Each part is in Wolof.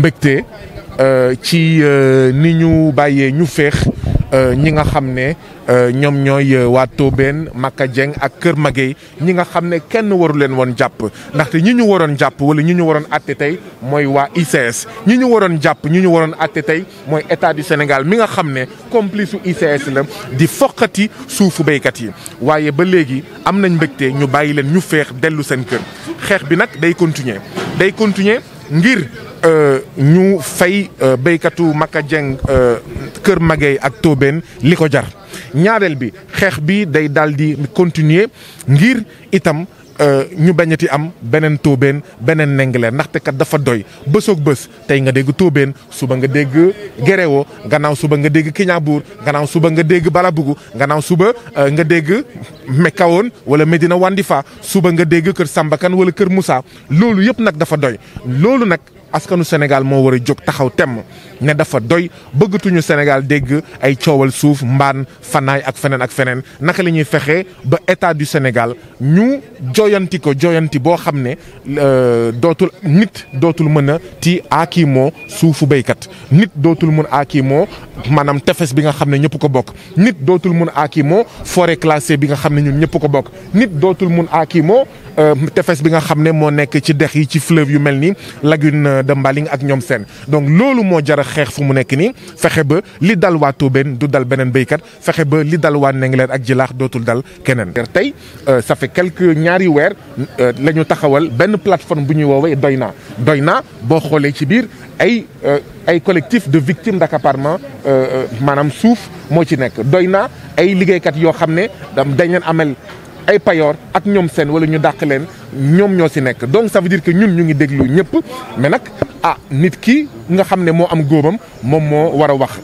mbégte euh, ci euh, ni ñu bàyyee ñu féex euh, ñi nga xam ne ñoom ñooy waa Tobène Maka Dieng ak Kër Maguey ñi nga xam ne kenn waru leen woon jàpp ndaxte ñi ñu waroon jàpp wala ñi ñu waroon àtte tey mooy waa ICS ñi ñu waroon jàpp ñi ñu waroon àtte tey mooy état du Sénégal mi nga xam ne complice su la di foqati suufu béykat yi waaye ba léegi am nañ mbégte ñu bàyyi leen ñu feex dellu seen kër xeex bi nag day continuer day continuer ngir Euh, ñu fay euh, béykatu Maka Dieng euh, Kër Maguey ak Tobène li ko jar ñaareel bi xeex bi day daal di continuer ngir itam ñu bañati am beneen Tobène beneen Ndingler ndaxte kat dafa doy bësoog bës tey nga dégg Tobène suba nga dégg Guéréo gannaaw suba nga dégg Kignanbour gannaaw suba nga dégg Balabougou gannaaw suba nga dégg Mekawoon wala Medina Wandifa suba nga dégg Kër Sambakan wala Kër Moussa loolu yëpp nag dafa doy loolu nag. askanu Sénégal moo war a jóg taxaw temm ne dafa doy bëggatuñu Sénégal dégg ay coowal suuf mbaan fanaay ak feneen ak feneen naka la ñuy fexe ba état du Sénégal ñu joyanti ko joyanti boo xam ne euh, dootul nit dootul mën a ti aakimoo suufu béykat nit dootul mën aakimoo manam tefes bi nga xamné ñepp ko bok nit dootul mun akimo forêt classée bi nga xamné ñun ñepp ko bok nit dootul mun akimo euh, tefes bi nga xamné mo nek ci dex yi ci fleuve yu melni, lagune euh, de Mbaling ak ñom donc lolu mo jara xex fu mu nek ni fexé ba li dal wa toben du dal benen beykat fexé ba li dal waa Ndingler ak jilax dootul dal kenen tay euh, ça fait quelques ñaari weer lañu taxawal benn plateforme bu ñuy wowe doyna doyna bo xolé ci bir ay euh, ay collectif de victimes d'accaparement euh, euh, madame Souf, mo ci nek doyna ay dañ amel ay payor, ak ñom sen wala ñu len ñom ñoo ci nek donc ça veut dire que ñun ñu ngi mais ah nit nous nga wax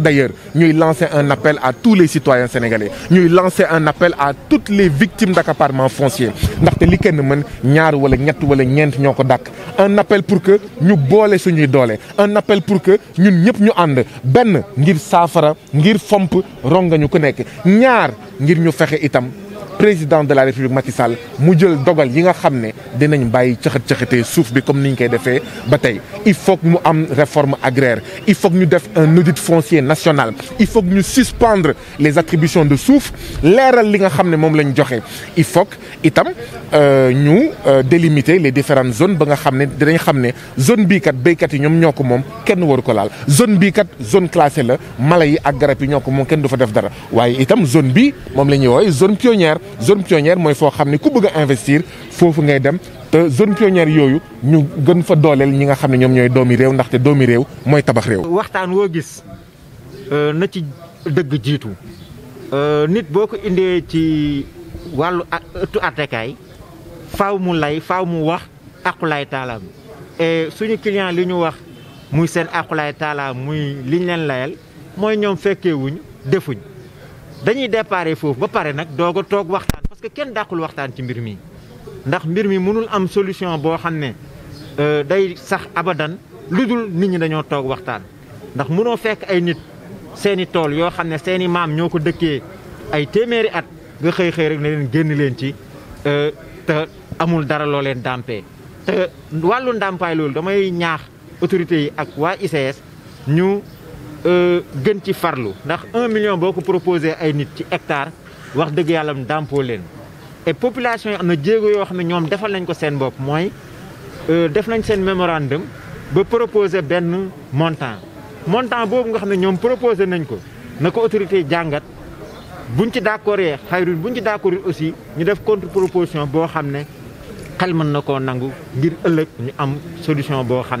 d'ailleurs ñuy lancer un appel à tous les citoyens sénégalais ñuy lancer un appel à toutes les victimes d'accaparement foncier ñaar wala wala un appel pour que ñu bolé suñuy un appel pour que ñun ñëpp ñu and Ben, ngir ngir fomp rongañu ku nekk ñaar ngir ñu président de la république Macky Sall mu jël dogal yi nga xamné ne dinañ bàyyi caxat caxatee souf bi comme niñ koy défé ba il faut que mu am réforme agraire il faut que ñu def un audit foncier national il faut que ñu suspendre les attributions de souf leeral li nga xamné mom lañ joxé il faut itam euh ñu euh, délimiter les différentes zones ba nga xamné dinañ xamné zone bi kat béykat yi ñom ñoko mom kenn waru ko laal zone bi kat zone classée la mala yi ak garab yi ñoo ko kenn du fa def dara waye itam zone bi mom lañ woy zone pionnière zone pionnière moy fo xamné ku bëgg investir fofu ngay dem te zone pionnière yoyu ñu gën fa dolel ñi nga xamné ñom ñoy doomi rew ndax te doomi rew moy tabax rew waxtaan wo gis euh na ci deug jitu euh nit boko ko indee ci wàllu tu attekaay faaw mu lay faaw mu wax akulay taalaam et suñu client li ñu wax muy seen akulay taalaam muy liñ leen layel moy ñom fekke wuñ defuñ. dañuy déparé foofu ba pare nag doog a toog waxtaan parce que kenn dàqul waxtaan ci mbir mi ndax mbir mi mënul am solution boo xam ne euh, day sax abadan lu dul nit ñi dañoo toog waxtaan ndax mënoo fekk ay nit seeni tool yoo xam ne seeni maam ñoo ko dëkkee ay téeméeri at nga xëy xëy rek ne leen génn leen ci euh, te amul dara loo leen dàmpee te wàllu ndàmpaay loolu damay ñaax autorités yi ak waa ICS ñu Euh, gën ci farlu ndax 1 million boo proposer ay nit ci hectare wax deug yàlla dampo len leen et population amna am yo jéego ñom xam defal nañ ko sen bop moy mooy euh, def nañ sen memorandum ba proposer ben montant montant boobu nga xam ñom proposer nañ ko nako autorité jangat buñ ci d'accordé yee buñ ci d'accord aussi ñu def contre proposition bo xam xal man nako nangu ngir ëllëg ñu am solution bo xam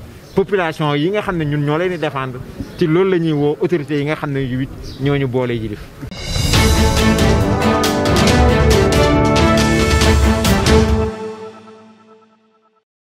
population yi nga xam ne ñun ñoo leen di défendre ci loolu la ñuy woo autorité yi nga xam ne yu ñoo ñu boole yilif